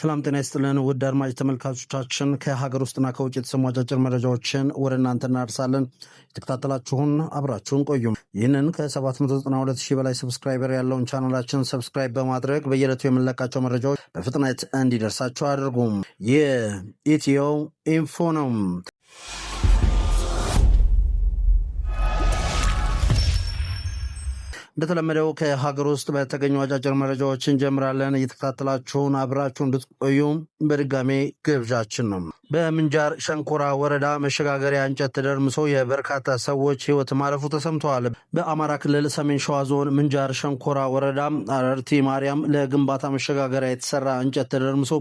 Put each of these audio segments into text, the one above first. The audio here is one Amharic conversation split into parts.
ሰላም ጤና ይስጥልን ውድ አድማጭ ተመልካቾቻችን፣ ከሀገር ውስጥና ከውጭ የተሰሙ አጫጭር መረጃዎችን ወደ እናንተ እናደርሳለን። የተከታተላችሁን አብራችሁን ቆዩም። ይህንን ከ792 ሺህ በላይ ሰብስክራይበር ያለውን ቻናላችን ሰብስክራይብ በማድረግ በየዕለቱ የምንለቃቸው መረጃዎች በፍጥነት እንዲደርሳቸው አድርጉም። የኢትዮ ኢንፎ ነው። እንደተለመደው ከሀገር ውስጥ በተገኙ አጫጭር መረጃዎች እንጀምራለን። እየተከታተላችሁን አብራችሁ እንድትቆዩ በድጋሜ ግብዣችን ነው። በምንጃር ሸንኮራ ወረዳ መሸጋገሪያ እንጨት ተደርምሶ የበርካታ ሰዎች ሕይወት ማለፉ ተሰምተዋል። በአማራ ክልል ሰሜን ሸዋ ዞን ምንጃር ሸንኮራ ወረዳ አረርቲ ማርያም ለግንባታ መሸጋገሪያ የተሰራ እንጨት ተደርምሶ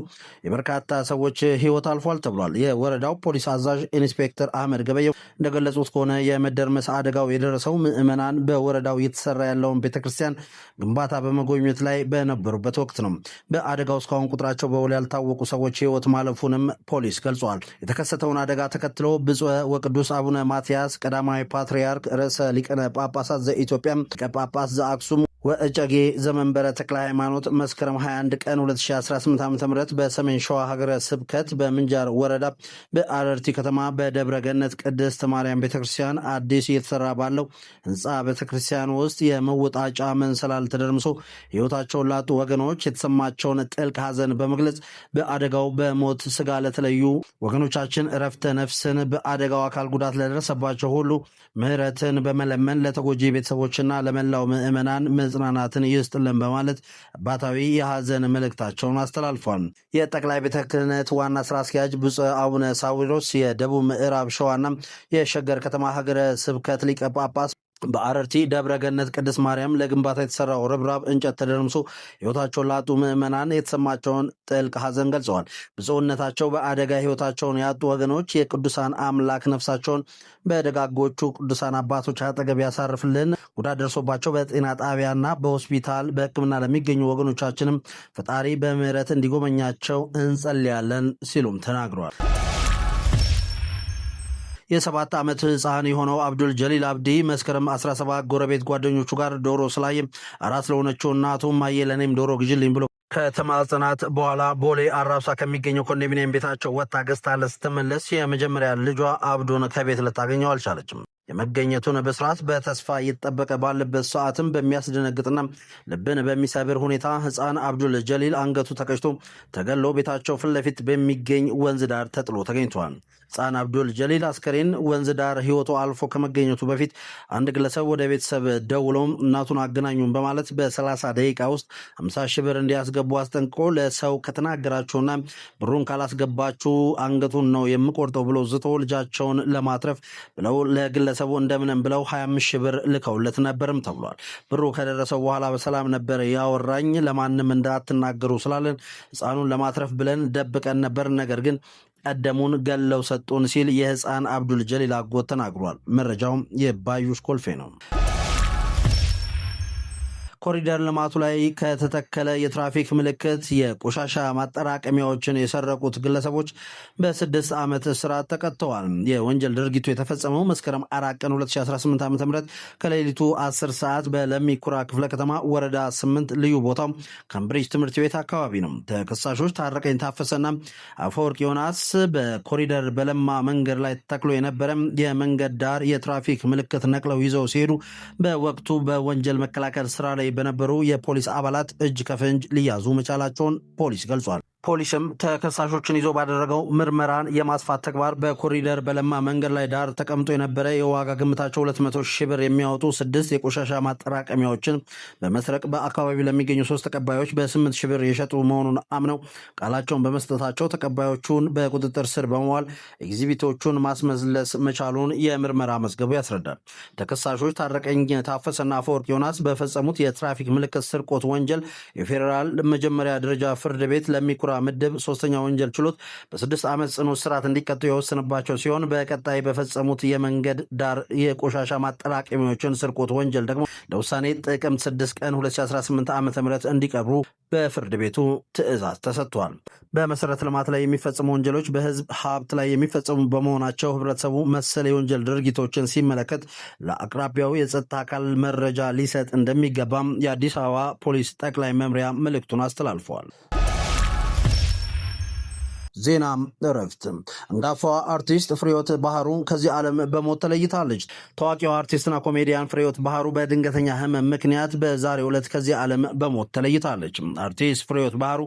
የበርካታ ሰዎች ሕይወት አልፏል ተብሏል። የወረዳው ፖሊስ አዛዥ ኢንስፔክተር አህመድ ገበየው እንደገለጹት ከሆነ የመደርመስ አደጋው የደረሰው ምዕመናን በወረዳው እየተሰራ ያለው ያለውን ክርስቲያን ግንባታ በመጎብኘት ላይ በነበሩበት ወቅት ነው። በአደጋው እስካሁን ቁጥራቸው በውል ያልታወቁ ሰዎች ህይወት ማለፉንም ፖሊስ ገልጿል። የተከሰተውን አደጋ ተከትሎ ብፁዕ ወቅዱስ አቡነ ማትያስ ቀዳማዊ ፓትርያርክ ርዕሰ ሊቀነ ጳጳሳት ዘኢትዮጵያም ሊቀ ጳጳስ ዘአክሱም ወእጨጌ ዘመንበረ ተክለ ሃይማኖት መስከረም 21 ቀን 2018 ዓ ም በሰሜን ሸዋ ሀገረ ስብከት በምንጃር ወረዳ በአረርቲ ከተማ በደብረገነት ቅድስት ማርያም ቤተክርስቲያን አዲስ እየተሰራ ባለው ህንፃ ቤተክርስቲያን ውስጥ የመወጣጫ መንሰላል ተደርምሶ ህይወታቸውን ላጡ ወገኖች የተሰማቸውን ጥልቅ ሐዘን በመግለጽ በአደጋው በሞት ስጋ ለተለዩ ወገኖቻችን እረፍተ ነፍስን፣ በአደጋው አካል ጉዳት ለደረሰባቸው ሁሉ ምህረትን በመለመን ለተጎጂ ቤተሰቦችና ለመላው ምዕመናን መጽናናትን ይስጥልን በማለት አባታዊ የሐዘን መልእክታቸውን አስተላልፏል። የጠቅላይ ቤተ ክህነት ዋና ስራ አስኪያጅ ብፁዕ አቡነ ሳዊሮስ የደቡብ ምዕራብ ሸዋና የሸገር ከተማ ሀገረ ስብከት ሊቀ ጳጳስ በአረርቲ ደብረ ገነት ቅድስት ማርያም ለግንባታ የተሰራው ርብራብ እንጨት ተደርምሶ ሕይወታቸውን ላጡ ምዕመናን የተሰማቸውን ጥልቅ ሐዘን ገልጸዋል። ብፁዕነታቸው በአደጋ ሕይወታቸውን ያጡ ወገኖች የቅዱሳን አምላክ ነፍሳቸውን በደጋጎቹ ቅዱሳን አባቶች አጠገብ ያሳርፍልን፣ ጉዳት ደርሶባቸው በጤና ጣቢያና በሆስፒታል በሕክምና ለሚገኙ ወገኖቻችንም ፈጣሪ በምሕረት እንዲጎበኛቸው እንጸልያለን ሲሉም ተናግረዋል። የሰባት ዓመት ህፃን የሆነው አብዱል ጀሊል አብዲ መስከረም 17 ጎረቤት ጓደኞቹ ጋር ዶሮ ስላይ አራት ለሆነችው እናቱ ማየ ለእኔም ዶሮ ግዢልኝ ብሎ ከተማጽናት በኋላ ቦሌ አራብሳ ከሚገኘው ኮንዶሚኒየም ቤታቸው ወጥታ ገዝታ ስትመለስ የመጀመሪያ ልጇ አብዱን ከቤት ልታገኘው አልቻለችም። የመገኘቱን በስርዓት በተስፋ እየተጠበቀ ባለበት ሰዓትም በሚያስደነግጥና ልብን በሚሰብር ሁኔታ ህፃን አብዱል ጀሊል አንገቱ ተቀጭቶ ተገሎ ቤታቸው ፊት ለፊት በሚገኝ ወንዝ ዳር ተጥሎ ተገኝቷል። ህፃን አብዱል ጀሊል አስከሬን ወንዝ ዳር ህይወቱ አልፎ ከመገኘቱ በፊት አንድ ግለሰብ ወደ ቤተሰብ ደውሎም እናቱን አገናኙን በማለት በ30 ደቂቃ ውስጥ 50 ሺህ ብር እንዲያስገቡ አስጠንቅቆ ለሰው ከተናገራችሁና ብሩን ካላስገባችሁ አንገቱን ነው የምቆርጠው ብሎ ዝቶ ልጃቸውን ለማትረፍ ብለው ለግለ ግለሰቡ እንደምንም ብለው 25 ሺህ ብር ልከውለት ነበርም ተብሏል። ብሩ ከደረሰው በኋላ በሰላም ነበር ያወራኝ። ለማንም እንዳትናገሩ ስላለን ህፃኑን ለማትረፍ ብለን ደብቀን ነበር። ነገር ግን ቀደሙን ገለው ሰጡን ሲል የህፃን አብዱል ጀሊል አጎት ተናግሯል። መረጃውም የባዩሽ ኮልፌ ነው። በኮሪደር ልማቱ ላይ ከተተከለ የትራፊክ ምልክት የቆሻሻ ማጠራቀሚያዎችን የሰረቁት ግለሰቦች በስድስት ዓመት እስራት ተቀጥተዋል። የወንጀል ድርጊቱ የተፈጸመው መስከረም አራት ቀን 2018 ዓ ም ከሌሊቱ 10 ሰዓት በለሚኩራ ክፍለ ከተማ ወረዳ 8 ልዩ ቦታው ካምብሪጅ ትምህርት ቤት አካባቢ ነው። ተከሳሾች ታረቀኝ ታፈሰና አፈወርቅ ዮናስ በኮሪደር በለማ መንገድ ላይ ተተክሎ የነበረ የመንገድ ዳር የትራፊክ ምልክት ነቅለው ይዘው ሲሄዱ በወቅቱ በወንጀል መከላከል ስራ ላይ በነበሩ የፖሊስ አባላት እጅ ከፍንጅ ሊያዙ መቻላቸውን ፖሊስ ገልጿል። ፖሊስም ተከሳሾችን ይዞ ባደረገው ምርመራን የማስፋት ተግባር በኮሪደር በለማ መንገድ ላይ ዳር ተቀምጦ የነበረ የዋጋ ግምታቸው 200 ሺህ ብር የሚያወጡ ስድስት የቆሻሻ ማጠራቀሚያዎችን በመስረቅ በአካባቢው ለሚገኙ ሶስት ተቀባዮች በ8 ሺህ ብር የሸጡ መሆኑን አምነው ቃላቸውን በመስጠታቸው ተቀባዮቹን በቁጥጥር ስር በመዋል ኤግዚቢቶቹን ማስመለስ መቻሉን የምርመራ መዝገቡ ያስረዳል። ተከሳሾች ታረቀኝ ታፈሰና አፈወርቅ ዮናስ በፈጸሙት የትራፊክ ምልክት ስርቆት ወንጀል የፌዴራል መጀመሪያ ደረጃ ፍርድ ቤት ለሚ የአንኮራ ምድብ ሶስተኛ ወንጀል ችሎት በስድስት ዓመት ጽኑ እስራት እንዲቀጡ የወሰንባቸው ሲሆን በቀጣይ በፈጸሙት የመንገድ ዳር የቆሻሻ ማጠራቀሚያዎችን ስርቆት ወንጀል ደግሞ ለውሳኔ ጥቅምት 6 ቀን 2018 ዓ ም እንዲቀርቡ በፍርድ ቤቱ ትዕዛዝ ተሰጥቷል። በመሰረተ ልማት ላይ የሚፈጸሙ ወንጀሎች በህዝብ ሀብት ላይ የሚፈጸሙ በመሆናቸው ህብረተሰቡ መሰል የወንጀል ድርጊቶችን ሲመለከት ለአቅራቢያው የጸጥታ አካል መረጃ ሊሰጥ እንደሚገባም የአዲስ አበባ ፖሊስ ጠቅላይ መምሪያ መልእክቱን አስተላልፏል። ዜና እረፍት። አንጋፋዋ አርቲስት ፍሬህይወት ባህሩ ከዚህ ዓለም በሞት ተለይታለች። ታዋቂዋ አርቲስትና ኮሜዲያን ፍሬህይወት ባህሩ በድንገተኛ ህመም ምክንያት በዛሬው ዕለት ከዚህ ዓለም በሞት ተለይታለች። አርቲስት ፍሬህይወት ባህሩ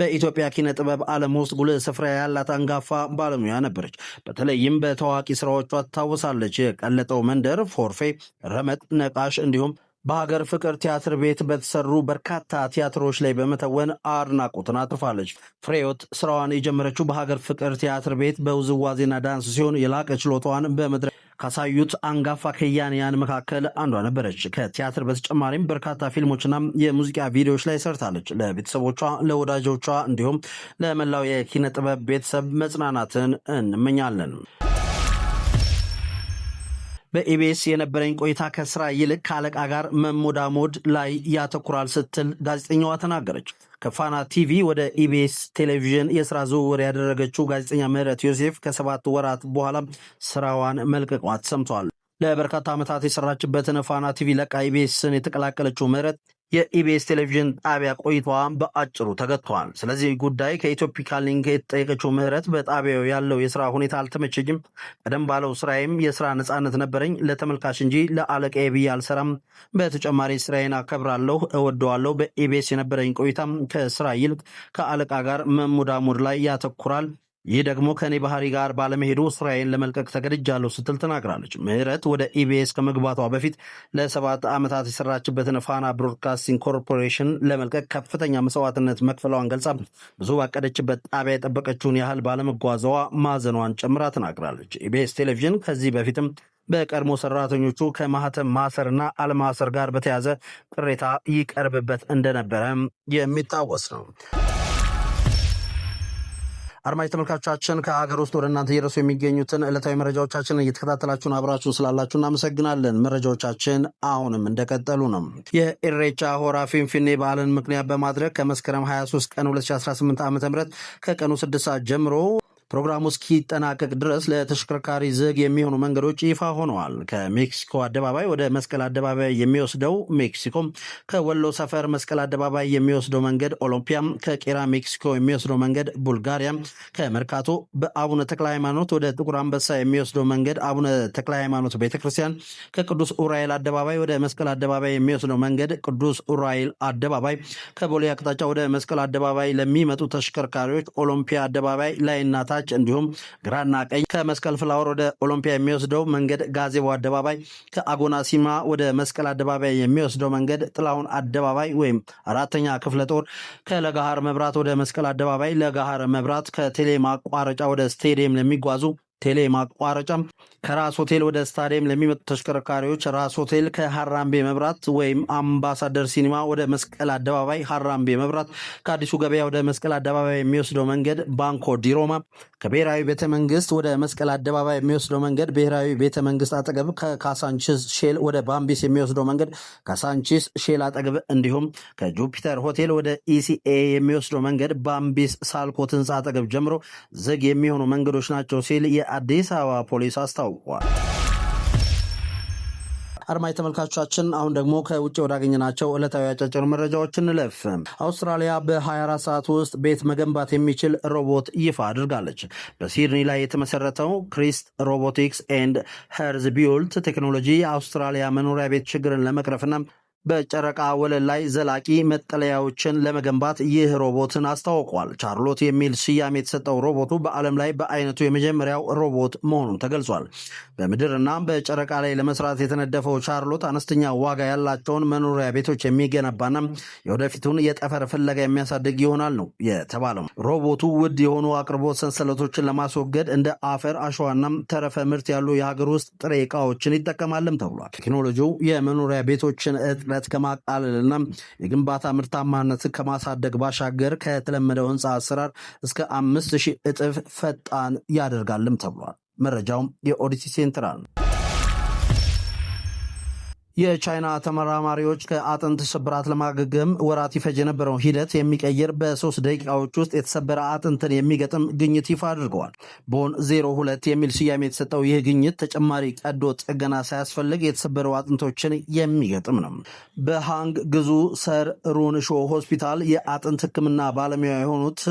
በኢትዮጵያ ኪነ ጥበብ ዓለም ውስጥ ጉልህ ስፍራ ያላት አንጋፋ ባለሙያ ነበረች። በተለይም በታዋቂ ስራዎቿ ትታወሳለች። የቀለጠው መንደር፣ ፎርፌ፣ ረመጥ፣ ነቃሽ እንዲሁም በሀገር ፍቅር ቲያትር ቤት በተሰሩ በርካታ ቲያትሮች ላይ በመተወን አድናቆትን አትርፋለች። ፍሬዮት ስራዋን የጀመረችው በሀገር ፍቅር ቲያትር ቤት በውዝዋዜና ዳንስ ሲሆን የላቀ ችሎታዋን በመድረክ ካሳዩት አንጋፋ ከያንያን መካከል አንዷ ነበረች። ከቲያትር በተጨማሪም በርካታ ፊልሞችና የሙዚቃ ቪዲዮዎች ላይ ሰርታለች። ለቤተሰቦቿ፣ ለወዳጆቿ እንዲሁም ለመላው የኪነ ጥበብ ቤተሰብ መጽናናትን እንመኛለን። በኢቢኤስ የነበረኝ ቆይታ ከስራ ይልቅ ከአለቃ ጋር መሞዳሞድ ላይ ያተኩራል ስትል ጋዜጠኛዋ ተናገረች። ከፋና ቲቪ ወደ ኢቢኤስ ቴሌቪዥን የስራ ዝውውር ያደረገችው ጋዜጠኛ ምህረት ዮሴፍ ከሰባት ወራት በኋላ ስራዋን መልቀቋት ተሰምቷል። ለበርካታ ዓመታት የሰራችበትን ፋና ቲቪ ለቃ ኢቢኤስን የተቀላቀለችው ምህረት የኢቢኤስ ቴሌቪዥን ጣቢያ ቆይታዋ በአጭሩ ተገጥቷል። ስለዚህ ጉዳይ ከኢትዮፒካ ሊንክ የተጠየቀችው ምህረት በጣቢያው ያለው የስራ ሁኔታ አልተመቸኝም፣ ቀደም ባለው ስራዬም የስራ ነፃነት ነበረኝ። ለተመልካች እንጂ ለአለቃ ብዬ አልሰራም። በተጨማሪ ስራዬን አከብራለሁ፣ እወደዋለሁ። በኢቢኤስ የነበረኝ ቆይታም ከስራ ይልቅ ከአለቃ ጋር መሙዳሙድ ላይ ያተኩራል። ይህ ደግሞ ከእኔ ባህሪ ጋር ባለመሄዱ ስራዬን ለመልቀቅ ተገድጃለሁ ስትል ተናግራለች። ምህረት ወደ ኢቢኤስ ከመግባቷ በፊት ለሰባት ዓመታት የሰራችበትን ፋና ብሮድካስቲንግ ኮርፖሬሽን ለመልቀቅ ከፍተኛ መስዋዕትነት መክፈላዋን ገልጻ ብዙ ባቀደችበት ጣቢያ የጠበቀችውን ያህል ባለመጓዘዋ ማዘኗን ጨምራ ተናግራለች። ኢቢኤስ ቴሌቪዥን ከዚህ በፊትም በቀድሞ ሰራተኞቹ ከማህተም ማሰርና አለማሰር ጋር በተያዘ ቅሬታ ይቀርብበት እንደነበረ የሚታወስ ነው። አድማጭ ተመልካቾቻችን ከሀገር ውስጥ ወደ እናንተ እየደረሱ የሚገኙትን ዕለታዊ መረጃዎቻችንን እየተከታተላችሁን አብራችሁን ስላላችሁ እናመሰግናለን። መረጃዎቻችን አሁንም እንደቀጠሉ ነው። የኢሬቻ ሆራ ፊንፊኔ በዓልን ምክንያት በማድረግ ከመስከረም 23 ቀን 2018 ዓ ም ከቀኑ 6 ሰዓት ጀምሮ ፕሮግራሙ እስኪጠናቀቅ ድረስ ለተሽከርካሪ ዝግ የሚሆኑ መንገዶች ይፋ ሆነዋል። ከሜክሲኮ አደባባይ ወደ መስቀል አደባባይ የሚወስደው ሜክሲኮ ከወሎ ሰፈር መስቀል አደባባይ የሚወስደው መንገድ ኦሎምፒያም፣ ከቄራ ሜክሲኮ የሚወስደው መንገድ ቡልጋሪያም፣ ከመርካቶ በአቡነ ተክለ ሃይማኖት ወደ ጥቁር አንበሳ የሚወስደው መንገድ አቡነ ተክለ ሃይማኖት ቤተክርስቲያን፣ ከቅዱስ ኡራኤል አደባባይ ወደ መስቀል አደባባይ የሚወስደው መንገድ ቅዱስ ኡራኤል አደባባይ፣ ከቦሌ አቅጣጫ ወደ መስቀል አደባባይ ለሚመጡ ተሽከርካሪዎች ኦሎምፒያ አደባባይ ላይና እናታ አማራጭ እንዲሁም ግራና ቀኝ ከመስቀል ፍላወር ወደ ኦሎምፒያ የሚወስደው መንገድ ጋዜቦ አደባባይ፣ ከአጎናሲማ ወደ መስቀል አደባባይ የሚወስደው መንገድ ጥላሁን አደባባይ ወይም አራተኛ ክፍለ ጦር፣ ከለጋሃር መብራት ወደ መስቀል አደባባይ፣ ለጋሃር መብራት ከቴሌ ማቋረጫ ወደ ስቴዲየም ለሚጓዙ ቴሌ ማቋረጫ ከራስ ሆቴል ወደ ስታዲየም ለሚመጡ ተሽከርካሪዎች ራስ ሆቴል ከሀራምቤ መብራት ወይም አምባሳደር ሲኒማ ወደ መስቀል አደባባይ ሀራምቤ መብራት ከአዲሱ ገበያ ወደ መስቀል አደባባይ የሚወስደው መንገድ ባንኮ ዲሮማ ከብሔራዊ ቤተ መንግስት ወደ መስቀል አደባባይ የሚወስደው መንገድ ብሔራዊ ቤተ መንግስት አጠገብ ከካሳንቺስ ሼል ወደ ባምቢስ የሚወስደው መንገድ ካሳንቺስ ሼል አጠገብ እንዲሁም ከጁፒተር ሆቴል ወደ ኢሲኤ የሚወስደው መንገድ ባምቢስ ሳልኮ ትንፃ አጠገብ ጀምሮ ዝግ የሚሆኑ መንገዶች ናቸው ሲል የአዲስ አበባ ፖሊስ አስታውቋል። አድማጭ ተመልካቾቻችን አሁን ደግሞ ከውጭ ወዳገኘናቸው ዕለታዊ አጫጭር መረጃዎች እንለፍ። አውስትራሊያ በ24 ሰዓት ውስጥ ቤት መገንባት የሚችል ሮቦት ይፋ አድርጋለች። በሲድኒ ላይ የተመሰረተው ክሪስት ሮቦቲክስ ኤንድ ሄርዝ ቢውልት ቴክኖሎጂ የአውስትራሊያ መኖሪያ ቤት ችግርን ለመቅረፍና በጨረቃ ወለል ላይ ዘላቂ መጠለያዎችን ለመገንባት ይህ ሮቦትን አስታውቋል። ቻርሎት የሚል ስያሜ የተሰጠው ሮቦቱ በዓለም ላይ በአይነቱ የመጀመሪያው ሮቦት መሆኑ ተገልጿል። በምድርና በጨረቃ ላይ ለመስራት የተነደፈው ቻርሎት አነስተኛ ዋጋ ያላቸውን መኖሪያ ቤቶች የሚገነባና የወደፊቱን የጠፈር ፍለጋ የሚያሳድግ ይሆናል ነው የተባለው። ሮቦቱ ውድ የሆኑ አቅርቦት ሰንሰለቶችን ለማስወገድ እንደ አፈር፣ አሸዋና ተረፈ ምርት ያሉ የሀገር ውስጥ ጥሬ ዕቃዎችን ይጠቀማልም ተብሏል። ቴክኖሎጂው የመኖሪያ ቤቶችን ብክለት ከማቃለልና የግንባታ ምርታማነት ከማሳደግ ባሻገር ከተለመደው ህንፃ አሰራር እስከ አምስት ሺህ እጥፍ ፈጣን ያደርጋልም ተብሏል። መረጃውም የኦዲሲ ሴንትራል ነው። የቻይና ተመራማሪዎች ከአጥንት ስብራት ለማገገም ወራት ይፈጅ የነበረው ሂደት የሚቀይር በሶስት ደቂቃዎች ውስጥ የተሰበረ አጥንትን የሚገጥም ግኝት ይፋ አድርገዋል። ቦን 02 የሚል ስያሜ የተሰጠው ይህ ግኝት ተጨማሪ ቀዶ ጥገና ሳያስፈልግ የተሰበሩ አጥንቶችን የሚገጥም ነው። በሃንግ ግዙ ሰር ሩንሾ ሆስፒታል የአጥንት ሕክምና ባለሙያ የሆኑት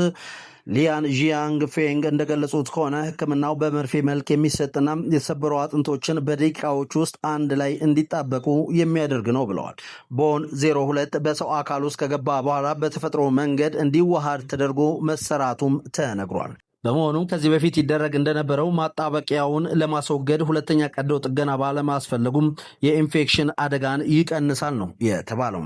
ሊያን ዢያንግ ፌንግ እንደገለጹት ከሆነ ህክምናው በመርፌ መልክ የሚሰጥና የተሰበሩ አጥንቶችን በደቂቃዎች ውስጥ አንድ ላይ እንዲጣበቁ የሚያደርግ ነው ብለዋል። ቦን 02 በሰው አካል ውስጥ ከገባ በኋላ በተፈጥሮ መንገድ እንዲዋሃድ ተደርጎ መሰራቱም ተነግሯል። በመሆኑም ከዚህ በፊት ይደረግ እንደነበረው ማጣበቂያውን ለማስወገድ ሁለተኛ ቀዶ ጥገና ባለማስፈለጉም የኢንፌክሽን አደጋን ይቀንሳል ነው የተባለው።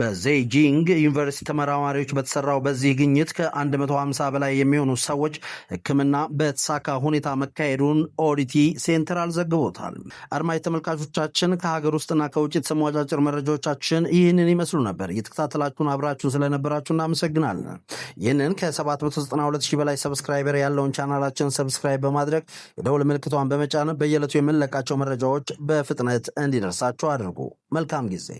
በዜጂንግ ዩኒቨርሲቲ ተመራማሪዎች በተሰራው በዚህ ግኝት ከ150 በላይ የሚሆኑ ሰዎች ሕክምና በተሳካ ሁኔታ መካሄዱን ኦዲቲ ሴንትራል ዘግቦታል። አድማጭ ተመልካቾቻችን ከሀገር ውስጥና ከውጭ የተሰሙ አጫጭር መረጃዎቻችን ይህንን ይመስሉ ነበር። እየተከታተላችሁን አብራችሁን ስለነበራችሁ እናመሰግናለን። ይህንን ከ792 በላይ ሰብስክራይበር ያለውን ቻናላችን ሰብስክራይብ በማድረግ የደውል ምልክቷን በመጫን በየዕለቱ የምንለቃቸው መረጃዎች በፍጥነት እንዲደርሳቸው አድርጉ። መልካም ጊዜ